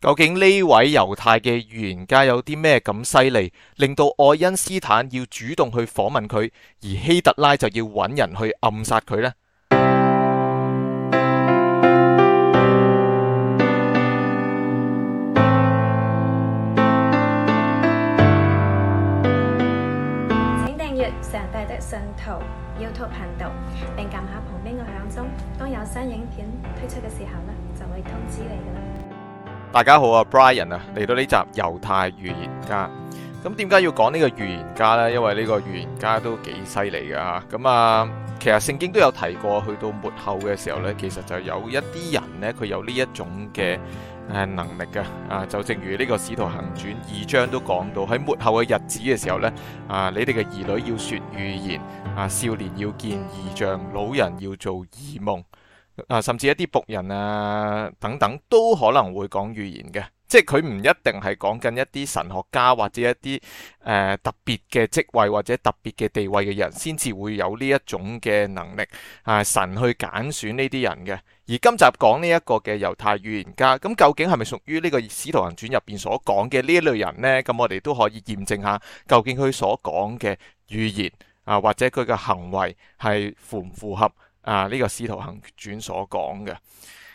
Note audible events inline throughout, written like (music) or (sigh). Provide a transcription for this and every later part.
究竟呢位猶太嘅預言家有啲咩咁犀利，令到愛因斯坦要主動去訪問佢，而希特拉就要揾人去暗殺佢呢？請訂閱上帝的信徒 YouTube 頻道，並撳下旁邊嘅響鐘，當有新影片推出嘅時候呢，就會通知你噶啦。大家好啊，Brian 啊，嚟到呢集猶太預言家。咁點解要講呢個預言家呢？因為呢個預言家都幾犀利噶吓。咁啊，其實聖經都有提過去到末後嘅時候呢，其實就有一啲人呢，佢有呢一種嘅誒能力噶。啊，就正如呢個使徒行傳二章都講到，喺末後嘅日子嘅時候呢，啊，你哋嘅兒女要說預言，啊，少年要見異象，老人要做異夢。啊，甚至一啲僕人啊等等，都可能會講預言嘅，即係佢唔一定係講緊一啲神學家或者一啲誒、呃、特別嘅職位或者特別嘅地位嘅人，先至會有呢一種嘅能力啊，神去揀選呢啲人嘅。而今集講呢一個嘅猶太預言家，咁究竟係咪屬於呢個《使徒行傳》入邊所講嘅呢一類人呢？咁我哋都可以驗證下，究竟佢所講嘅預言啊，或者佢嘅行為係符唔符合？啊！呢、這個《司徒行傳》所講嘅，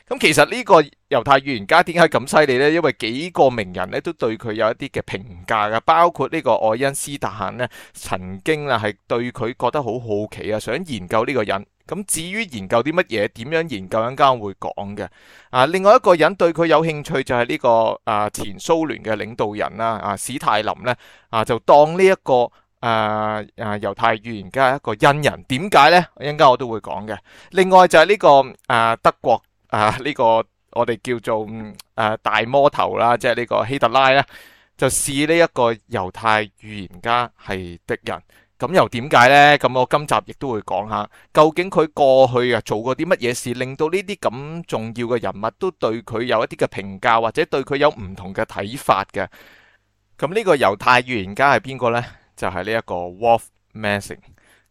咁其實呢個猶太預言家點解咁犀利呢？因為幾個名人呢都對佢有一啲嘅評價嘅，包括呢個愛因斯坦呢曾經啊係對佢覺得好好奇啊，想研究呢個人。咁、啊、至於研究啲乜嘢，點樣研究，陣間會講嘅。啊，另外一個人對佢有興趣就係呢、這個啊前蘇聯嘅領導人啦，啊史泰林呢，啊就當呢、這、一個。啊啊！猶太預言家一個恩人，點解呢？一陣間我都會講嘅。另外就係呢個啊德國啊呢個我哋叫做啊大魔頭啦、啊，即係呢個希特拉咧、啊，就視呢一個猶太預言家係敵人。咁又點解呢？咁我今集亦都會講下究竟佢過去啊做過啲乜嘢事，令到呢啲咁重要嘅人物都對佢有一啲嘅評價，或者對佢有唔同嘅睇法嘅。咁呢個猶太預言家係邊個呢？就係呢一個 Wolf Messing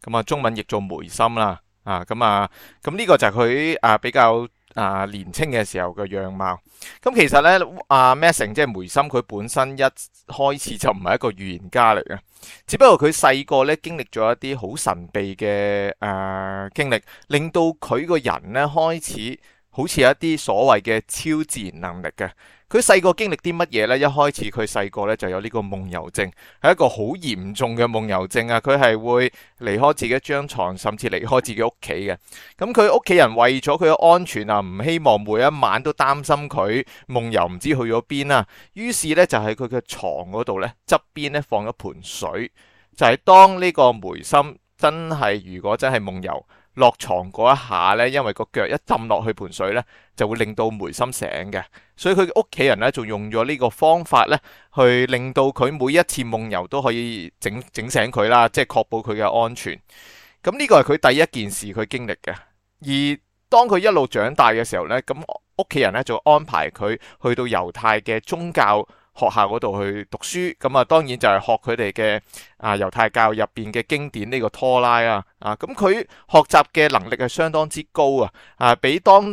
咁，啊中文譯做梅森啦，啊咁啊，咁、啊、呢、這個就係佢啊比較啊年青嘅時候嘅樣貌。咁、啊、其實咧，阿、啊、Messing 即係梅森，佢本身一開始就唔係一個預言家嚟嘅，只不過佢細個咧經歷咗一啲好神秘嘅誒、啊、經歷，令到佢個人咧開始好似有一啲所謂嘅超自然能力嘅，佢細個經歷啲乜嘢呢？一開始佢細個呢就有呢個夢遊症，係一個好嚴重嘅夢遊症啊！佢係會離開自己張床，甚至離開自己屋企嘅。咁佢屋企人為咗佢嘅安全啊，唔希望每一晚都擔心佢夢遊唔知去咗邊啊。於是呢，就喺佢嘅床嗰度呢側邊呢放咗盆水，就係、是、當呢個梅心真係如果真係夢遊。落床嗰一下呢，因為個腳一浸落去盆水呢，就會令到梅心醒嘅。所以佢屋企人呢，就用咗呢個方法呢，去令到佢每一次夢遊都可以整整醒佢啦，即係確保佢嘅安全。咁呢個係佢第一件事佢經歷嘅。而當佢一路長大嘅時候呢，咁屋企人呢，就安排佢去到猶太嘅宗教學校嗰度去讀書，咁啊，當然就係學佢哋嘅啊猶太教入邊嘅經典呢個拖拉啊，啊，咁佢學習嘅能力係相當之高啊，啊，畀當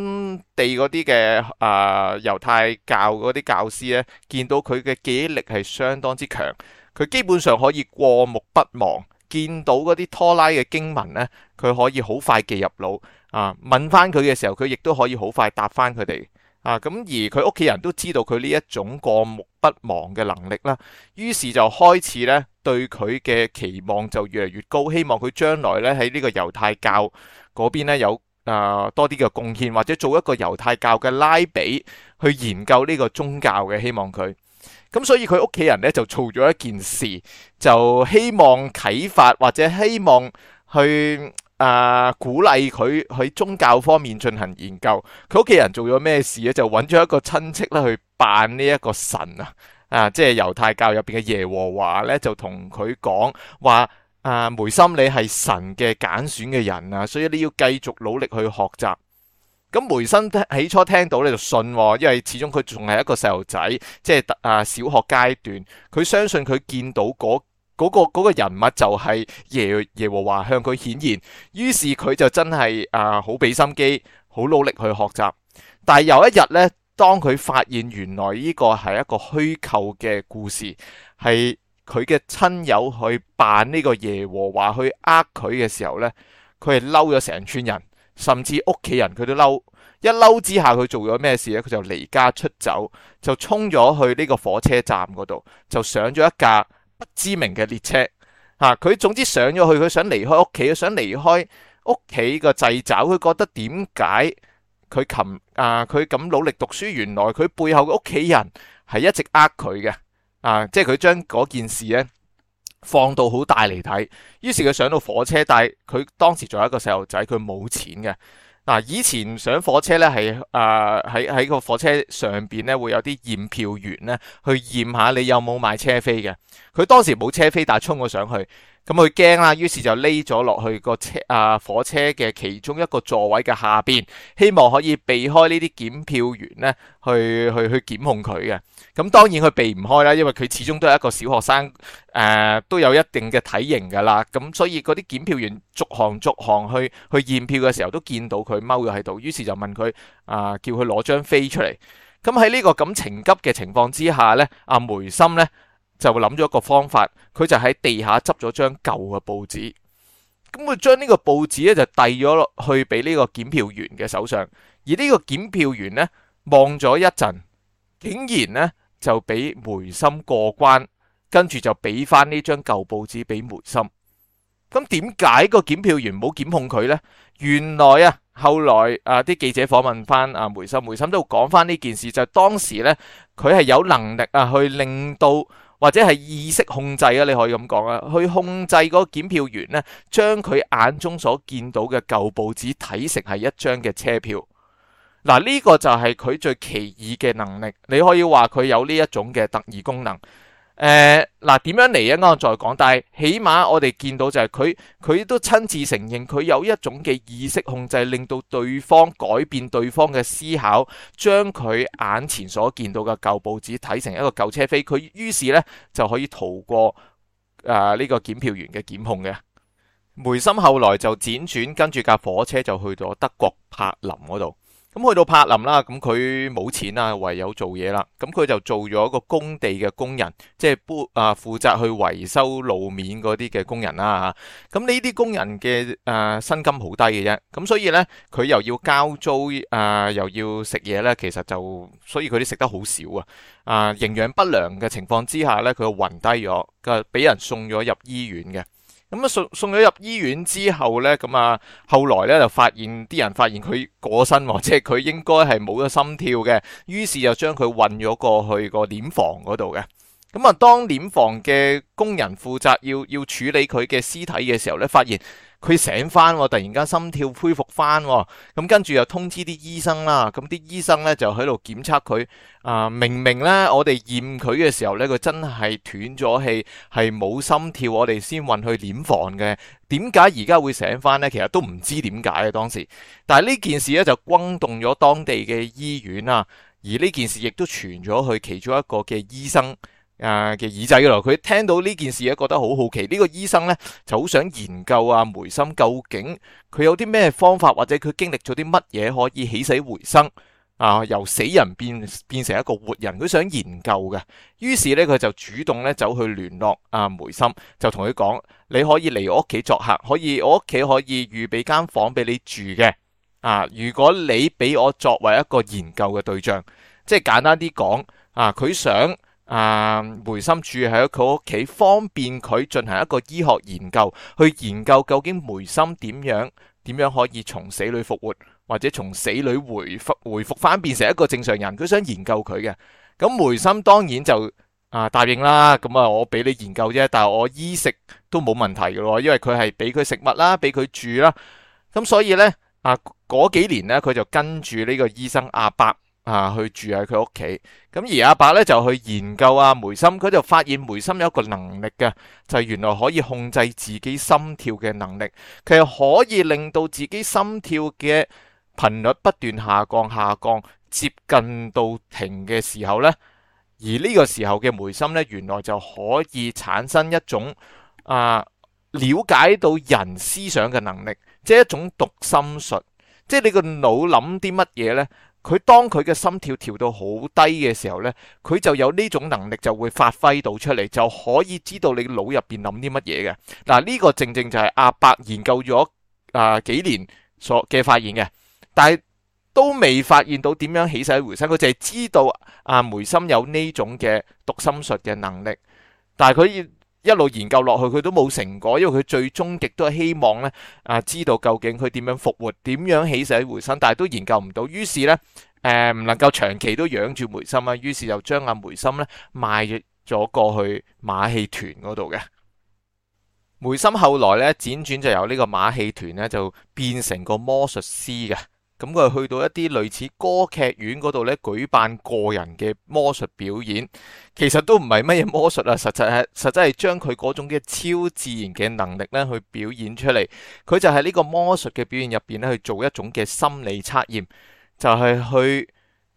地嗰啲嘅啊猶太教嗰啲教師咧，見到佢嘅記憶力係相當之強，佢基本上可以過目不忘，見到嗰啲拖拉嘅經文咧，佢可以好快記入腦啊，問翻佢嘅時候，佢亦都可以好快答翻佢哋。啊，咁而佢屋企人都知道佢呢一種過目不忘嘅能力啦，於是就開始呢對佢嘅期望就越嚟越高，希望佢將來呢喺呢個猶太教嗰邊呢有啊、呃、多啲嘅貢獻，或者做一個猶太教嘅拉比去研究呢個宗教嘅，希望佢。咁所以佢屋企人呢就做咗一件事，就希望啟發或者希望去。啊、呃、鼓勵佢喺宗教方面進行研究，佢屋企人做咗咩事咧？就揾咗一個親戚咧去扮呢一個神啊！啊，即係猶太教入邊嘅耶和華咧，就同佢講話：啊，梅森你係神嘅揀選嘅人啊！所以你要繼續努力去學習。咁梅森起初聽到咧就信，啊，因為始終佢仲係一個細路仔，即係啊小學階段，佢相信佢見到嗰。嗰個嗰個人物就係耶，耶和華向佢顯現，於是佢就真係啊，好俾心機，好、呃、努，努力去學習。但係有一日呢，當佢發現原來呢個係一個虛構嘅故事，係佢嘅親友去扮呢個耶和華去呃佢嘅時候呢，佢係嬲咗成村人，甚至屋企人佢都嬲。一嬲之下佢做咗咩事呢？佢就離家出走，就衝咗去呢個火車站嗰度，就上咗一架。不知名嘅列車，嚇、啊、佢總之上咗去，佢想離開屋企，佢想離開屋企個掣肘，佢覺得點解佢琴啊佢咁努力讀書，原來佢背後嘅屋企人係一直呃佢嘅，啊即係佢將嗰件事呢放到好大嚟睇，於是佢上到火車，但係佢當時仲有一個細路仔，佢冇錢嘅。嗱，以前上火車咧，係誒，喺喺個火車上邊咧，會有啲驗票員咧去驗下你有冇買車飛嘅，佢當時冇車飛，但係衝咗上去。咁佢驚啦，於是就匿咗落去個車啊火車嘅其中一個座位嘅下邊，希望可以避開呢啲檢票員咧，去去去檢控佢嘅。咁當然佢避唔開啦，因為佢始終都係一個小學生，誒都有一定嘅體型噶啦。咁所以嗰啲檢票員逐行逐行去去驗票嘅時候，都見到佢踎咗喺度，於是就問佢啊，叫佢攞張飛出嚟。咁喺呢個咁情急嘅情況之下咧，阿梅森咧，就諗咗一個方法，佢就喺地下執咗張舊嘅報紙，咁佢將呢個報紙咧就遞咗落去俾呢個檢票員嘅手上。而呢個檢票員咧望咗一陣，竟然咧就俾梅森過關，跟住就俾翻呢張舊報紙俾梅森。咁點解個檢票員冇檢控佢咧？原來啊，後來啊，啲記者訪問翻啊，梅森，梅森都講翻呢件事，就當時咧佢係有能力啊，去令到。或者係意識控制啊，你可以咁講啊，去控制個檢票員呢，將佢眼中所見到嘅舊報紙睇成係一張嘅車票。嗱，呢個就係佢最奇異嘅能力，你可以話佢有呢一種嘅特異功能。誒嗱，點樣嚟？一啱、呃、再講，但係起碼我哋見到就係佢，佢都親自承認佢有一種嘅意識控制，令到對方改變對方嘅思考，將佢眼前所見到嘅舊報紙睇成一個舊車飛，佢於是呢就可以逃過誒呢、呃呢個檢票員嘅檢控嘅。梅森後來就輾轉跟住架火車就去咗德國柏林嗰度。咁去到柏林啦，咁佢冇錢啊，唯有做嘢啦。咁佢就做咗一個工地嘅工人，即係搬啊、負責去維修路面嗰啲嘅工人啦。咁呢啲工人嘅誒薪金好低嘅啫。咁所以呢，佢又要交租啊、呃，又要食嘢呢，其實就所以佢啲食得好少啊。啊、呃，營養不良嘅情況之下呢，佢就暈低咗，佢俾人送咗入醫院嘅。咁啊送送咗入醫院之後呢，咁啊後來呢就發現啲人發現佢過身喎，即係佢應該係冇咗心跳嘅，於是就將佢運咗過去個殮房嗰度嘅。咁啊，當殮房嘅工人負責要要處理佢嘅屍體嘅時候咧，發現佢醒翻，突然間心跳恢復翻，咁跟住又通知啲醫生啦。咁啲醫生咧就喺度檢測佢，啊、呃、明明咧我哋驗佢嘅時候咧，佢真係斷咗氣，係冇心跳我，我哋先運去殮房嘅。點解而家會醒翻呢？其實都唔知點解啊當時。但係呢件事咧就轟動咗當地嘅醫院啊，而呢件事亦都傳咗去其中一個嘅醫生。啊嘅耳仔咯，佢聽到呢件事咧，覺得好好奇。呢、呢個醫生呢就好想研究啊梅森，究竟佢有啲咩方法，或者佢經歷咗啲乜嘢可以起死回生啊？由死人變變成一個活人，佢想研究嘅。於是呢，佢就主動咧走去聯絡阿梅森，就同佢講：你可以嚟我屋企作客，可以我屋企可以預備間房俾你住嘅啊。如果你俾我作為一個研究嘅對象，即係簡單啲講啊，佢想。啊！梅森住喺佢屋企，方便佢進行一個醫學研究，去研究究竟梅森點樣點樣可以從死裏復活，或者從死裏回復回復翻變成一個正常人。佢想研究佢嘅，咁梅森當然就啊，答應啦。咁啊，我俾你研究啫，但係我衣食都冇問題嘅咯，因為佢係俾佢食物啦，俾佢住啦。咁所以呢，啊嗰幾年呢，佢就跟住呢個醫生阿伯。啊！去住喺佢屋企，咁而阿伯咧就去研究阿梅心，佢就發現梅心有一個能力嘅，就係、原來可以控制自己心跳嘅能力，佢係可以令到自己心跳嘅頻率不斷下降下降，接近到停嘅時候呢，而呢個時候嘅梅心呢，原來就可以產生一種啊了解到人思想嘅能力，即係一種讀心術，即係你個腦諗啲乜嘢呢。佢當佢嘅心跳調到好低嘅時候呢，佢就有呢種能力就會發揮到出嚟，就可以知道你腦入邊諗啲乜嘢嘅。嗱、這、呢個正正就係阿伯研究咗啊、呃、幾年所嘅發現嘅，但係都未發現到點樣起死回生，佢淨係知道阿、啊、梅森有呢種嘅讀心術嘅能力，但係佢一路研究落去，佢都冇成果，因為佢最終極都係希望咧啊，知道究竟佢點樣復活、點樣起死回生，但係都研究唔到。於是咧，誒、呃、唔能夠長期都養住梅心啊，於是就將阿、啊、梅心咧賣咗過去馬戲團嗰度嘅。梅心後來咧輾轉就由呢個馬戲團咧就變成個魔術師嘅。咁佢去到一啲類似歌劇院嗰度咧，舉辦個人嘅魔術表演，其實都唔係乜嘢魔術啊！實質係實質係將佢嗰種嘅超自然嘅能力咧，去表演出嚟。佢就係呢個魔術嘅表演入邊咧，去做一種嘅心理測驗，就係去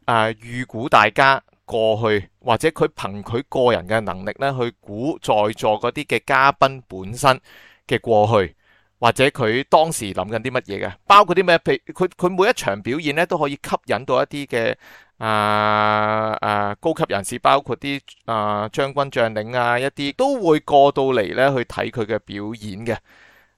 誒預估大家過去，或者佢憑佢個人嘅能力咧，去估在座嗰啲嘅嘉賓本身嘅過去。或者佢當時諗緊啲乜嘢嘅，包括啲咩？佢佢每一場表演咧都可以吸引到一啲嘅、呃、啊啊高級人士，包括啲啊將軍將領啊一啲都會過到嚟咧去睇佢嘅表演嘅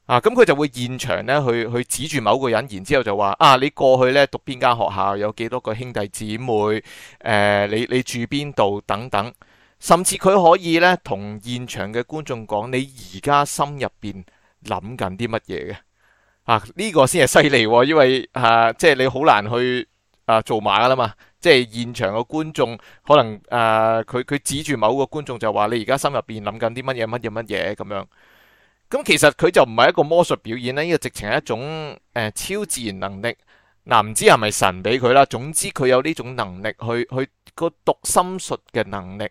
啊！咁佢就會現場咧去去指住某個人，然之後就話啊，你過去咧讀邊間學校，有幾多個兄弟姊妹？誒、呃，你你住邊度等等，甚至佢可以咧同現場嘅觀眾講，你而家心入面諗緊啲乜嘢嘅啊？呢個先係犀利，因為啊，即係你好難去啊做馬噶啦嘛。即係現場個觀眾可能啊，佢佢指住某個觀眾就話：你而家心入邊諗緊啲乜嘢乜嘢乜嘢咁樣。咁其實佢就唔係一個魔術表演咧，呢個直情係一種誒超自然能力。嗱，唔知係咪神俾佢啦，總之佢有呢種能力去去個讀心術嘅能力。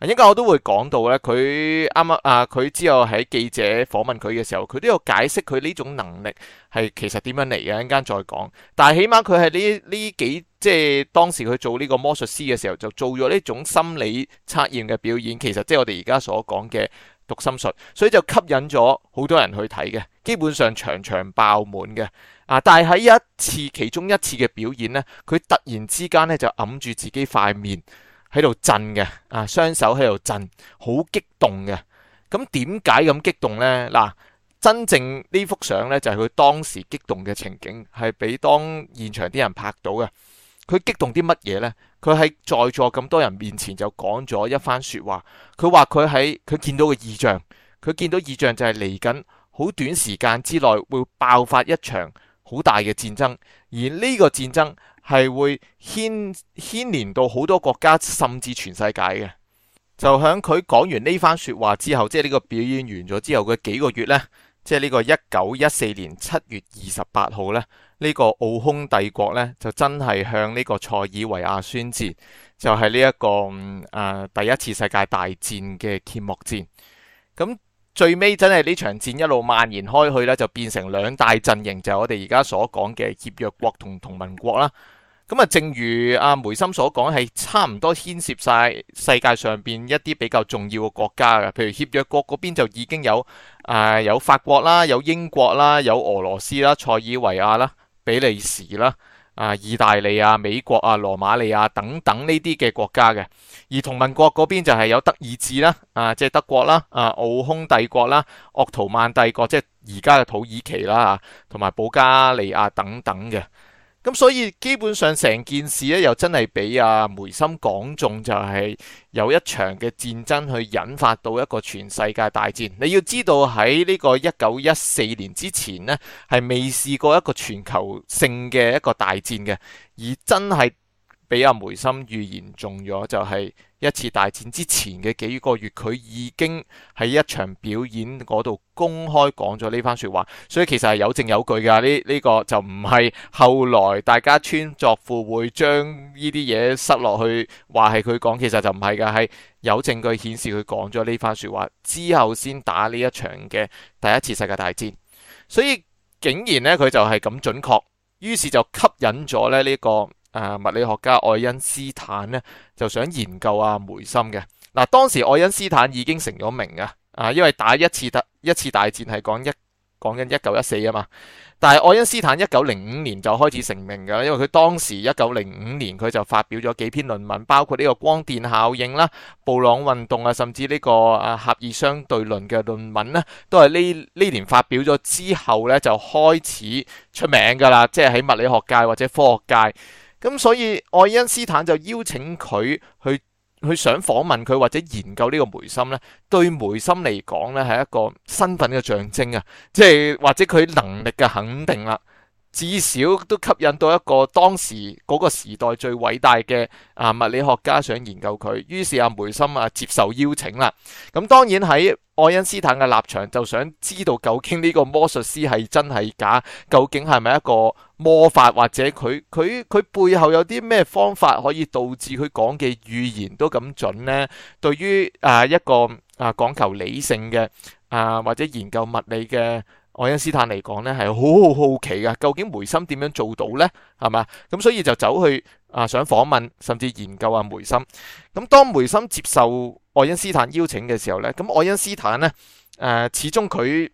應該我都會講到咧，佢啱啱啊佢之後喺記者訪問佢嘅時候，佢都有解釋佢呢種能力係其實點樣嚟嘅，一陣間再講。但係起碼佢係呢呢幾即係當時佢做呢個魔術師嘅時候，就做咗呢種心理測驗嘅表演，其實即係我哋而家所講嘅讀心術，所以就吸引咗好多人去睇嘅，基本上場場爆滿嘅啊！但係喺一次其中一次嘅表演呢，佢突然之間咧就揞住自己塊面。喺度震嘅，啊，雙手喺度震，好激動嘅。咁點解咁激動呢？嗱、啊，真正呢幅相呢，就係、是、佢當時激動嘅情景，係俾當現場啲人拍到嘅。佢激動啲乜嘢呢？佢喺在，在座咁多人面前就講咗一番説話。佢話佢喺佢見到嘅異象，佢見到異象就係嚟緊好短時間之內會爆發一場好大嘅戰爭，而呢個戰爭。係會牽牽連到好多國家，甚至全世界嘅。就響佢講完呢番説話之後，即係呢個表演完咗之後嘅幾個月呢，即係呢個一九一四年七月二十八號呢，呢個奧匈帝國呢，就真係向呢個塞爾維亞宣戰，就係呢一個誒、嗯呃、第一次世界大戰嘅揭幕戰。咁。最尾真係呢場戰一路蔓延開去咧，就變成兩大陣營，就係、是、我哋而家所講嘅協約國同同盟國啦。咁啊，正如阿梅森所講，係差唔多牽涉晒世界上邊一啲比較重要嘅國家嘅，譬如協約國嗰邊就已經有誒、呃、有法國啦、有英國啦、有俄羅斯啦、塞爾維亞啦、比利時啦。啊！意大利啊、美國啊、羅馬尼亞等等呢啲嘅國家嘅，而同盟國嗰邊就係有德意志啦、啊即係德國啦、啊、啊奧匈帝國啦、啊、鄂圖曼帝國即係而家嘅土耳其啦、啊，同埋保加利亞等等嘅。咁所以基本上成件事咧，又真係俾阿梅森講中，就係有一場嘅戰爭去引發到一個全世界大戰。你要知道喺呢個一九一四年之前呢，係未試過一個全球性嘅一個大戰嘅，而真係，俾阿梅心預言中咗，就係、是、一次大戰之前嘅幾個月，佢已經喺一場表演嗰度公開講咗呢番說話，所以其實係有證有據噶。呢、這、呢、個這個就唔係後來大家穿鑿附會將呢啲嘢塞落去話，係佢講其實就唔係噶，係有證據顯示佢講咗呢番說話之後先打呢一場嘅第一次世界大戰，所以竟然咧佢就係咁準確，於是就吸引咗咧呢、這個。啊！物理學家愛因斯坦咧就想研究啊，梅森嘅嗱。當時愛因斯坦已經成咗名㗎，啊，因為打一次大一次大戰係講一講緊一九一四啊嘛。但係愛因斯坦一九零五年就開始成名㗎，因為佢當時一九零五年佢就發表咗幾篇論文，包括呢個光電效應啦、布朗運動啊，甚至呢、這個啊狹義相對論嘅論文呢、啊、都係呢呢年發表咗之後呢，就開始出名㗎啦，即係喺物理學界或者科學界。咁、嗯、所以愛因斯坦就邀請佢去去想訪問佢或者研究呢個梅森呢，對梅森嚟講呢係一個身份嘅象徵啊，即係或者佢能力嘅肯定啦，至少都吸引到一個當時嗰個時代最偉大嘅啊物理學家想研究佢，於是阿梅森啊接受邀請啦，咁、嗯、當然喺。愛因斯坦嘅立場就想知道究竟呢個魔術師係真係假的，究竟係咪一個魔法，或者佢佢佢背後有啲咩方法可以導致佢講嘅預言都咁準呢？對於啊一個啊講求理性嘅啊或者研究物理嘅愛因斯坦嚟講呢係好好好奇嘅，究竟梅森點樣做到呢？係嘛，咁所以就走去啊想訪問，甚至研究啊梅森。咁當梅森接受。愛因斯坦邀請嘅時候呢，咁愛因斯坦呢，誒、呃，始終佢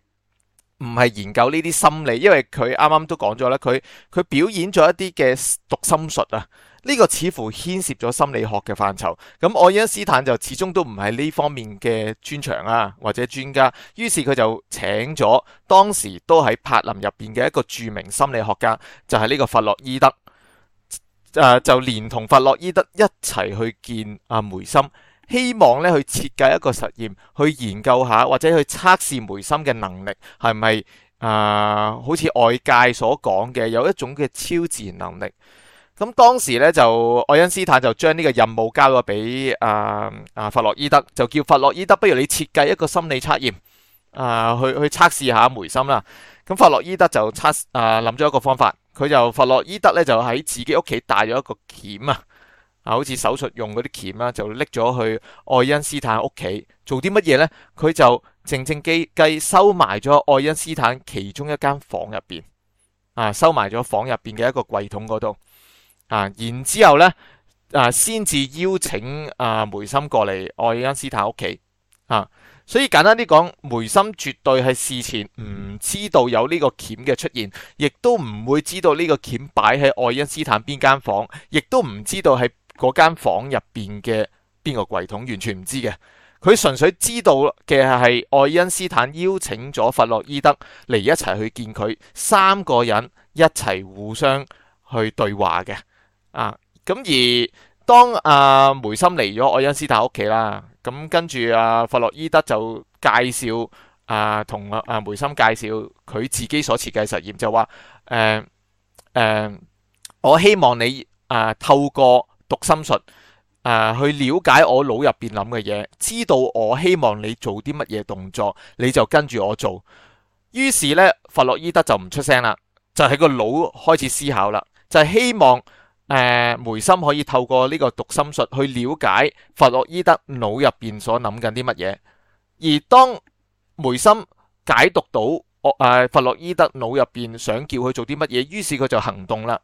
唔係研究呢啲心理，因為佢啱啱都講咗啦，佢佢表演咗一啲嘅讀心術啊。呢、這個似乎牽涉咗心理學嘅範疇。咁愛因斯坦就始終都唔係呢方面嘅專長啊，或者專家。於是佢就請咗當時都喺柏林入邊嘅一個著名心理學家，就係、是、呢個弗洛伊德誒、呃，就連同弗洛伊德一齊去見阿、啊、梅森。希望咧去設計一個實驗，去研究下或者去測試梅森嘅能力係咪啊，好似外界所講嘅，有一種嘅超自然能力。咁當時咧就愛因斯坦就將呢個任務交咗俾、呃、啊啊弗洛伊德，就叫弗洛伊德，不如你設計一個心理測驗啊、呃，去去測試下梅森啦。咁弗洛伊德就測啊，諗、呃、咗一個方法，佢就弗洛伊德咧就喺自己屋企帶咗一個鉗啊。啊，好似手術用嗰啲鉗啦，就拎咗去愛因斯坦屋企做啲乜嘢呢？佢就靜靜機計收埋咗愛因斯坦其中一間房入邊，啊，收埋咗房入邊嘅一個櫃桶嗰度，啊，然之後咧，啊，先至邀請啊梅森過嚟愛因斯坦屋企，啊，所以簡單啲講，梅森絕對係事前唔知道有呢個鉗嘅出現，亦都唔會知道呢個鉗擺喺愛因斯坦邊間房，亦都唔知道係嗰間房入邊嘅邊個櫃桶完全唔知嘅，佢純粹知道嘅係愛因斯坦邀請咗弗洛伊德嚟一齊去見佢，三個人一齊互相去對話嘅啊！咁而當阿、啊、梅森嚟咗愛因斯坦屋企啦，咁、啊、跟住阿、啊、弗洛伊德就介紹啊，同阿、啊、梅森介紹佢自己所設計實驗，就話誒誒，我希望你啊透過讀心術，誒、呃，去了解我腦入邊諗嘅嘢，知道我希望你做啲乜嘢動作，你就跟住我做。於是呢，弗洛伊德就唔出聲啦，就喺、是、個腦開始思考啦，就係、是、希望誒、呃、梅森可以透過呢個讀心術去了解弗洛伊德腦入邊所諗緊啲乜嘢。而當梅森解讀到誒、呃、弗洛伊德腦入邊想叫佢做啲乜嘢，於是佢就行動啦，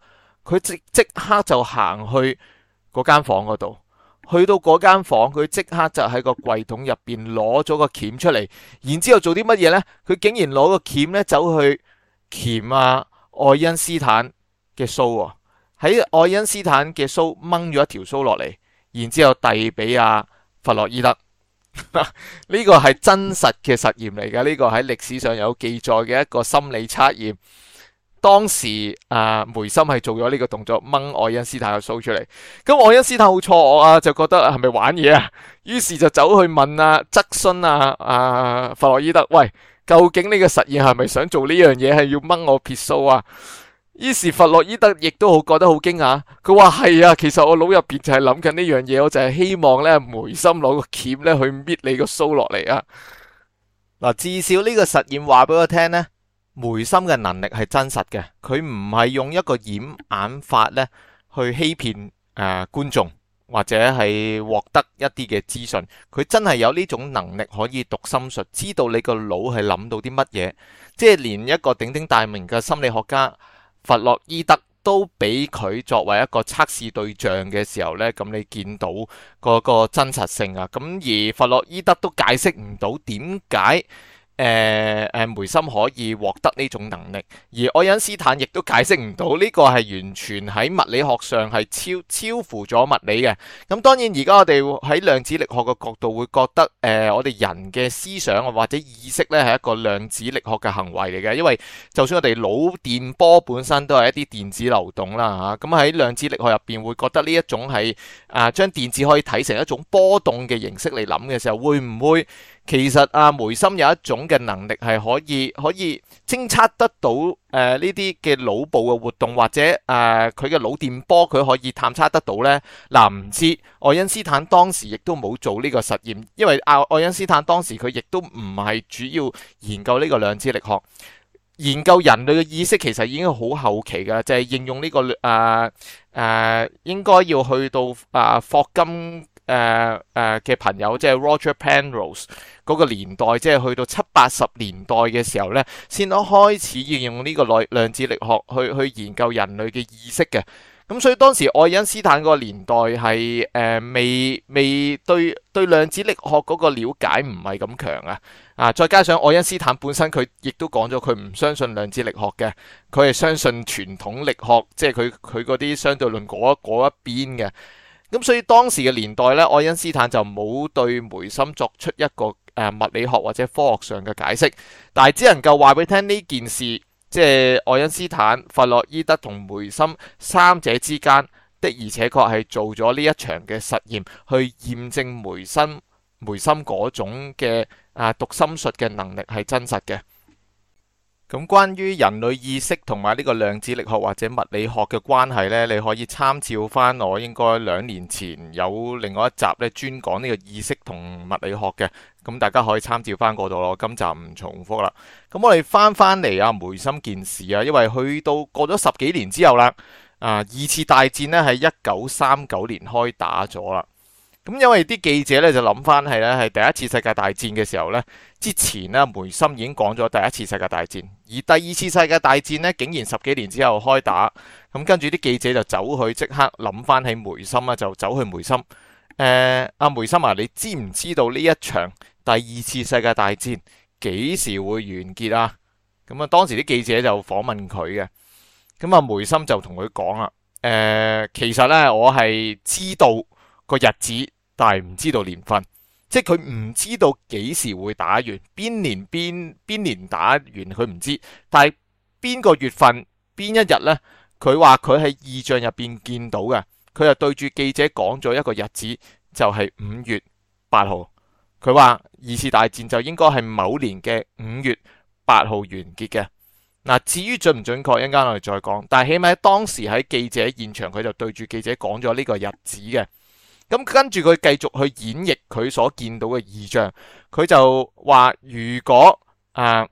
佢即即刻就行去。嗰間房度，去到嗰間房，佢即刻就喺個櫃桶入邊攞咗個鉗出嚟，然之後做啲乜嘢呢？佢竟然攞個鉗咧走去鉗啊愛因斯坦嘅須喎，喺愛因斯坦嘅須掹咗一條須落嚟，然之後遞俾阿弗洛伊德。呢 (laughs) 個係真實嘅實驗嚟㗎，呢、這個喺歷史上有記載嘅一個心理測驗。當時啊，梅森係做咗呢個動作，掹愛、嗯、因斯坦嘅鬚出嚟。咁愛因斯坦好錯愕啊，就覺得係咪玩嘢啊？於是就走去問啊，質詢啊、阿、啊、弗洛伊德，喂，究竟呢個實驗係咪想做呢樣嘢，係要掹我撇鬚啊？於是弗洛伊德亦都好覺得好驚訝，佢話係啊，其實我腦入邊就係諗緊呢樣嘢，我就係希望咧梅森攞個鉗咧去搣你個鬚落嚟啊。嗱，至少呢個實驗話俾我聽咧。梅辛嘅能力係真實嘅，佢唔係用一個掩眼法咧去欺騙誒、呃、觀眾，或者係獲得一啲嘅資訊。佢真係有呢種能力可以讀心術，知道你個腦係諗到啲乜嘢。即係連一個鼎鼎大名嘅心理學家弗洛伊德都俾佢作為一個測試對象嘅時候呢，咁你見到嗰個真實性啊。咁而弗洛伊德都解釋唔到點解。誒誒、呃，梅森可以獲得呢種能力，而愛因斯坦亦都解釋唔到呢個係完全喺物理學上係超超乎咗物理嘅。咁當然而家我哋喺量子力學嘅角度會覺得，誒、呃、我哋人嘅思想或者意識呢係一個量子力學嘅行為嚟嘅，因為就算我哋腦電波本身都係一啲電子流動啦吓，咁、啊、喺量子力學入邊會覺得呢一種係啊將電子可以睇成一種波動嘅形式嚟諗嘅時候，會唔會其實啊梅森有一種？嘅能力係可以可以偵測得到誒呢啲嘅腦部嘅活動，或者誒佢嘅腦電波，佢可以探測得到呢。嗱、呃、唔知愛因斯坦當時亦都冇做呢個實驗，因為阿、啊、愛因斯坦當時佢亦都唔係主要研究呢個量子力學。研究人類嘅意識其實已經好後期嘅，就係、是、應用呢、這個誒誒、呃呃，應該要去到啊、呃、霍金。誒誒嘅朋友，即係 Roger Penrose 嗰個年代，即係去到七八十年代嘅時候呢，先開始應用呢個量子力學去去研究人類嘅意識嘅。咁所以當時愛因斯坦個年代係誒、呃、未未對對量子力學嗰個了解唔係咁強啊啊。再加上愛因斯坦本身佢亦都講咗佢唔相信量子力學嘅，佢係相信傳統力學，即係佢佢嗰啲相對論嗰一邊嘅。咁所以當時嘅年代咧，愛因斯坦就冇對梅森作出一個誒物理學或者科學上嘅解釋，但係只能夠話俾你聽呢件事，即係愛因斯坦、弗洛伊德同梅森三者之間，的而且確係做咗呢一場嘅實驗去驗證梅森梅森嗰種嘅啊讀心術嘅能力係真實嘅。咁關於人類意識同埋呢個量子力學或者物理學嘅關係呢，你可以參照翻我應該兩年前有另外一集咧專講呢個意識同物理學嘅，咁大家可以參照翻嗰度咯。今集唔重複啦。咁我哋翻翻嚟啊梅森件事啊，因為去到過咗十幾年之後啦，啊二次大戰呢係一九三九年開打咗啦。咁因為啲記者咧就諗翻係咧，係第一次世界大戰嘅時候呢。之前呢，梅森已經講咗第一次世界大戰，而第二次世界大戰呢，竟然十幾年之後開打。咁跟住啲記者就走去即刻諗翻起梅森啊，就走去梅森。誒、呃，阿梅森啊，你知唔知道呢一場第二次世界大戰幾時會完結啊？咁啊，當時啲記者就訪問佢嘅。咁啊，梅森就同佢講啦。誒，其實呢，我係知道個日子。但係唔知道年份，即係佢唔知道幾時會打完，邊年邊邊年打完佢唔知，但係邊個月份邊一日呢？佢話佢喺異象入邊見到嘅，佢就對住記者講咗一個日子，就係五月八號。佢話二次大戰就應該係某年嘅五月八號完結嘅。嗱，至於準唔準確，一陣間我哋再講。但係起碼當時喺記者現場，佢就對住記者講咗呢個日子嘅。咁跟住佢繼續去演繹佢所見到嘅異象，佢就話：如果啊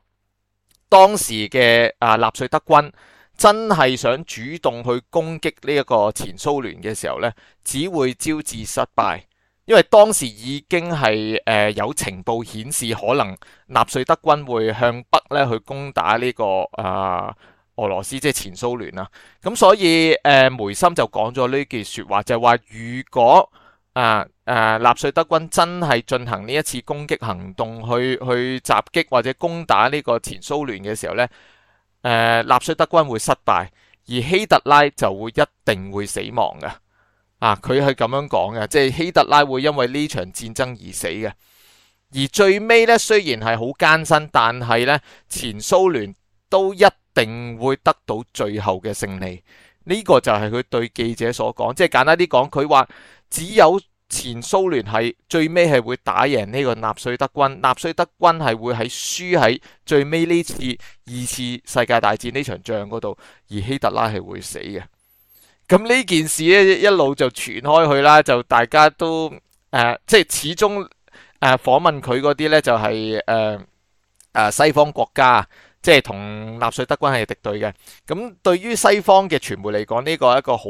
當時嘅啊納粹德軍真係想主動去攻擊呢一個前蘇聯嘅時候呢，只會招致失敗，因為當時已經係誒、啊、有情報顯示，可能納粹德軍會向北咧去攻打呢、這個啊俄羅斯，即係前蘇聯啦。咁所以誒、啊、梅森就講咗呢句説話，就係、是、話如果啊！啊，納粹德軍真係進行呢一次攻擊行動去，去去襲擊或者攻打呢個前蘇聯嘅時候呢誒，納粹德軍會失敗，而希特拉就會一定會死亡嘅。佢係咁樣講嘅，即係希特拉會因為呢場戰爭而死嘅。而最尾呢，雖然係好艱辛，但係呢前蘇聯都一定會得到最後嘅勝利。呢個就係佢對記者所講，即係簡單啲講，佢話，只有前蘇聯係最尾係會打贏呢個納粹德軍，納粹德軍係會喺輸喺最尾呢次二次世界大戰呢場仗嗰度，而希特拉係會死嘅。咁呢件事咧一路就傳開去啦，就大家都誒、呃，即係始終誒訪問佢嗰啲呢，就係誒誒西方國家。即係同納粹德軍係敵對嘅，咁對於西方嘅傳媒嚟講，呢、這個係一個好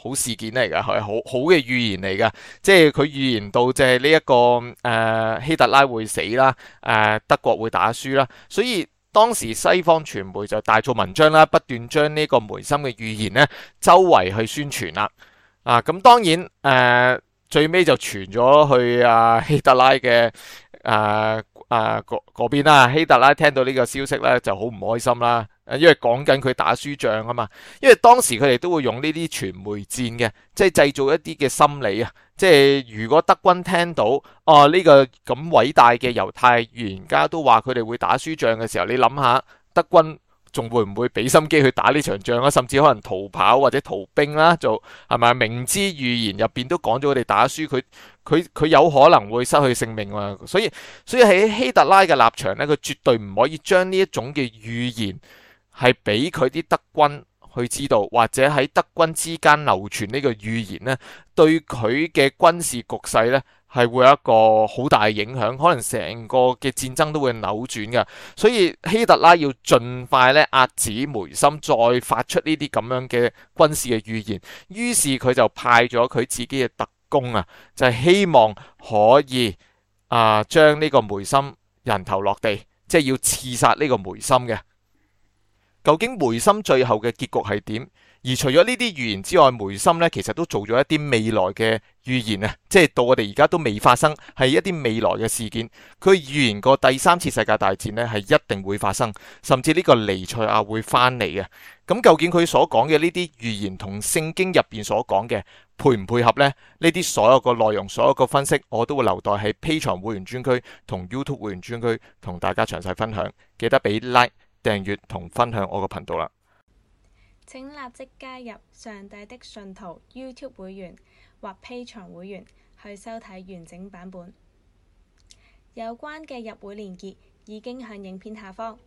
好事件嚟嘅，係好好嘅預言嚟嘅。即係佢預言到就、這個，就係呢一個誒希特拉會死啦，誒、呃、德國會打輸啦，所以當時西方傳媒就大做文章啦，不斷將呢個梅森嘅預言呢周圍去宣傳啦。啊，咁當然誒、呃、最尾就傳咗去阿、啊、希特拉嘅誒。呃啊，嗰邊啦，希特拉聽到呢個消息咧就好唔開心啦，因為講緊佢打輸仗啊嘛，因為當時佢哋都會用呢啲傳媒戰嘅，即係製造一啲嘅心理啊，即係如果德軍聽到哦呢個咁偉大嘅猶太預言家都話佢哋會打輸仗嘅時候，你諗下德軍仲會唔會俾心機去打呢場仗啊？甚至可能逃跑或者逃兵啦、啊，就係咪明知預言入邊都講咗佢哋打輸，佢佢佢有可能會失去性命啊！所以所以喺希特拉嘅立場呢，佢絕對唔可以將呢一種嘅預言係俾佢啲德軍去知道，或者喺德軍之間流傳呢個預言呢，對佢嘅軍事局勢呢，係會有一個好大嘅影響，可能成個嘅戰爭都會扭轉嘅，所以希特拉要盡快咧壓止梅森再發出呢啲咁樣嘅軍事嘅預言。於是佢就派咗佢自己嘅特工啊，就係希望可以啊將呢個梅森人頭落地，即係要刺殺呢個梅森嘅。究竟梅森最後嘅結局係點？而除咗呢啲預言之外，梅森咧其實都做咗一啲未來嘅預言啊，即係到我哋而家都未發生，係一啲未來嘅事件。佢預言過第三次世界大戰呢係一定會發生，甚至呢個尼賽亞會翻嚟嘅。咁究竟佢所講嘅呢啲預言同聖經入邊所講嘅配唔配合呢？呢啲所有個內容，所有個分析，我都會留待喺 Patreon 會員專區同 YouTube 會員專區同大家詳細分享。記得俾 like、訂閱同分享我個頻道啦。請立即加入上帝的信徒 YouTube 會員或 Patreon 會員去收睇完整版本。有關嘅入會連結已經向影片下方。